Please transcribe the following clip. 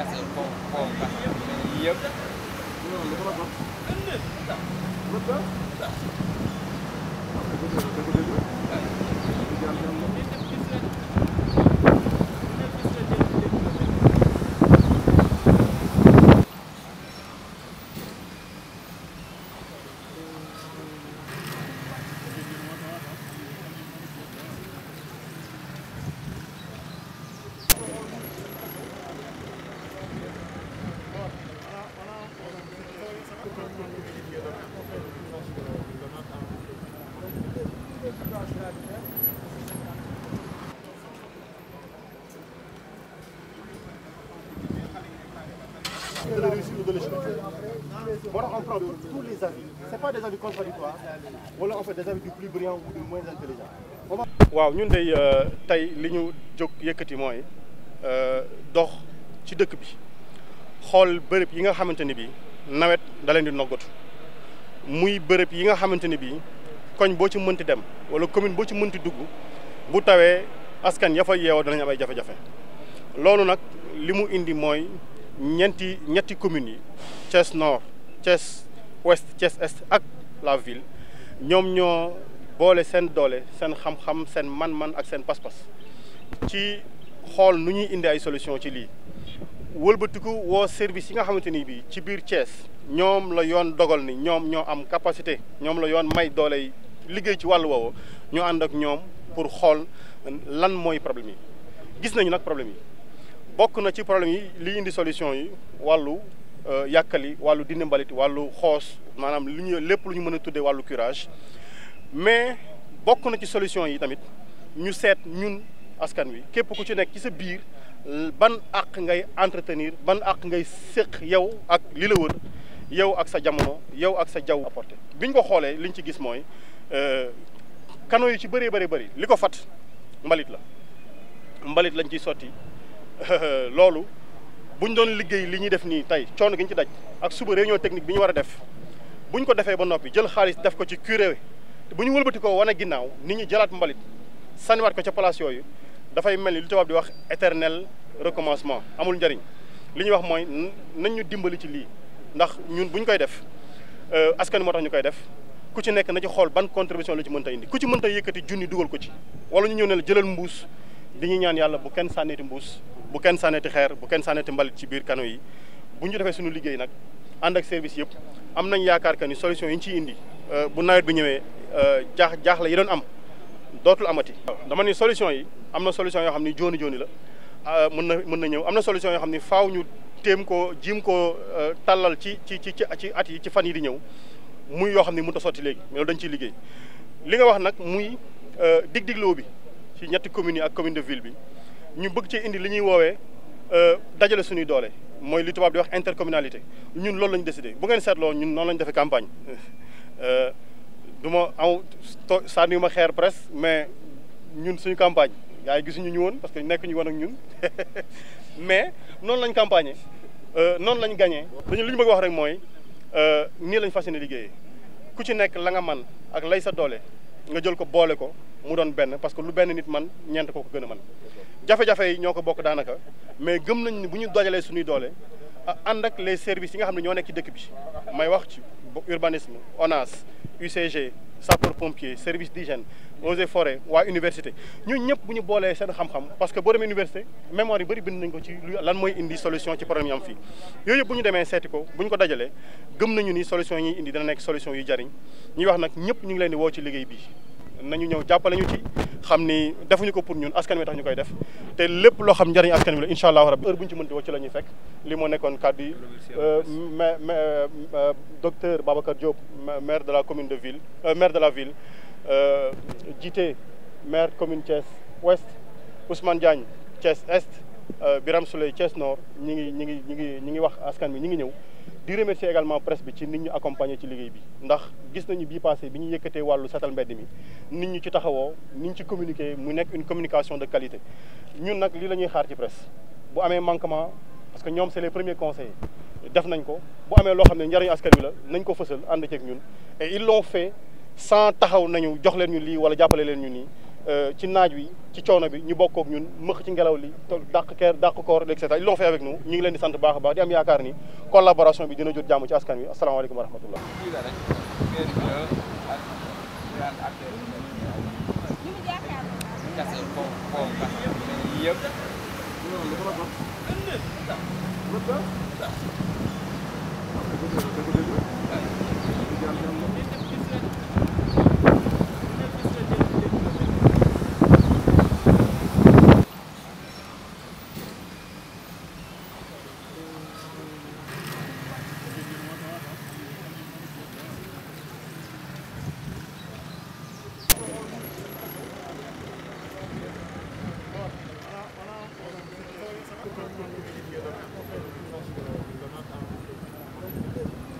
kese foofu foofu la yëpp. loolu moo tax on wala en fait des waaw ñun day euh, tey li ñu jóg yëkkati mooy euh, dox ci dëkk bi xool bërëb yi nga xamante ni bii nawet da leen di noggatu muy bërëb yi nga xamante ni bii koñ boo ci mënti dem wala commune boo ci mënti dugg bu tawee askan ya fa yeewoo danañ am ay jafe-jafe loolu nag li mu indi mooy ñeenti ñetti communes yi Thiès Nord Thiès ouest Thiès est ak la ville ñoom ñoo boole seen doole seen xam-xam seen man-man ak seen pas-pas ci xool nu ñuy indi ay solution ci lii wëlbatiku woo service yi nga xamante ni bii ci biir Thiès ñoom la yoon dogal ni ñoom ñoo am capacité ñoom la yoon may doole yi liggéey ci wàllu woowu ñu ànd ak ñoom pour xool lan mooy problème yi gis nañu nag problème yi bokk na ci problème yi li indi solution yi wàllu Euh, yàkkali wàllu dindi mbalit wàllu xoos maanaam lu ñu lépp lu ñu mën a tuddee wàllu curage mais bokk na ci solution yi tamit ñu seet ñun askan wi képp ku ci nekk ci sa biir ban àq ngay entretenir ban ak ngay séq yow ak li la wër yow ak sa jamono yow ak sa jaww apporté biñ ko xoolee liñ ci gis mooy kano euh, yu ci bëree bëri bëri li ko fat mbalit la mbalit lañ ciy sotti loolu bu ñu doon liggéey li ñuy def nii tey coono gi ñu ci daj ak suba réunion technique bi ñu war a def ñu ko defee ba noppi jël xaalis def ko ci curé bu ñu wëlbati ko wane ginnaaw nit ñi jëlaat mbalit sànniwaat ko ca place yooyu dafay mel ni lu tubaab di wax éternel recommencement amul njariñ li ñuy wax mooy nañ ñu dimbali ci lii ndax ñun bu ñu koy def euh, askan moo tax ñu koy def ku ci nekk na ci xool ban contribution lu ci mën indi ku ci mën ta junni dugal ko ci wala ñu ne la jëlal mbuus di ñu ñaan yàlla bu kenn sànneti mbuus bu kenn sànneti xeer bu kenn sànneti mbalit ci biir canaux yi bu ñu defee suñu liggéey nag ànd ak service yëpp am nañ yaakaar que ni solution yi ñu ciy indi euh, bu nawet bi ñëwee euh, jaax jaaxle yi doon am dootul amati. dama ni solution yi am na solution yoo xam ni jooni jooni la euh, mën na mën na ñëw am na solution yoo xam ni faw ñu téem koo jiim koo tàllal ci ci ci ci at yi ci fan yi di ñëw muy yoo xam ni mënut a sotti léegi mais loolu dañ ciy liggéey li nga wax nag muy dig digloo bi. ci ñetti communes ak commune de ville bi ñu bëgg cee indi li ñuy woowee euh, dajale suñuy doole mooy li tubaab di wax intercommunalité ñun loolu la ñu décidé bu ngeen seetloo ñun noonu la ñu defee campagne euh, du ma aw sànni ma xeer presse mais ñun suñu campagne gars yi gisuñu ñu woon parce que nekk ñu woon ak ñun mais noonu lañ campagner euh, noonu lañ gagné dañu li ñu bëgg wax rek mooy nii lañ fas yéene liggéeyee ku ci nekk la nga man ak lay sa doole nga jël ko boole ko mu doon benn parce que lu benn nit man ñeent ko ko gën a mën jafe-jafe yi ñoo ko bokk daanaka mais gëm nañ ni bu ñu dajalee suñuy doole ànd ak les service yi nga xam ne ñoo nekk ci dëkk bi may wax ci urbanisme ONAS UCG sapeur pompier service d'hygiène eaux et forêt waa université ñun ñëpp bu ñu boolee seen xam-xam parce que boo demee université mémoire yu bëri bind nañ ko ci lan mooy indi solution ci problème yi am yooyu yëpp bu ñu demee seeti ko bu ñu ko dajalee gëm nañu ni solution yi indi dana nekk solution yu jariñ ñuy wax nag ñëpp ñu ngi leen di woo ci liggéey bii nañu ñëw jàppale ñu ci xam ni defuñu ko pour ñun askan wi tax ñu koy def te lépp loo xam njëriñ askan wi la incha allahu rabi heure bu ñu ci mënti wax ci la ñuy fekk li moo nekkoon kàddu yi euh, ma euh, docteur Babacar Diop maire de la commune de ville euh, maire de la ville jiite maire commune Thiès ouest Ousmane Diagne Thiès est Birame Souleye Thiès nord ñi ngi ñi ngi ñi ngi ñi ngi wax askan wi ñi ngi ñëw di remercier également presse bi ci nit ñu accompagner ci liggéey bi ndax gis nañu bii passé bi ñu yëkkatee wàllu setal mbedd mi nit ñu ci taxawoo nit ñu ci communiquer mu nekk une communication de qualité ñun nag lii la ñuy xaar ci presse bu amee manquement parce que ñoom c'est les premiers conseillers def nañ ko bu amee loo xam ne njariñu askan bi la nañ ko fësal ànd ceek ñun et ils l'ont fait sans taxaw nañu jox leen ñu lii wala jàppale leen ñu nii Euh, ci naaj wi ci coono bi ñu bokkook ñu mëq ci ngelaw li dàq keer dàq koor et cetera ils l'ont fait ñu leen di sant baax a baax di am yaakaar ni collaboration bi dina jot jàmm ci askan wi asalaamaaleykum wa rahmatullah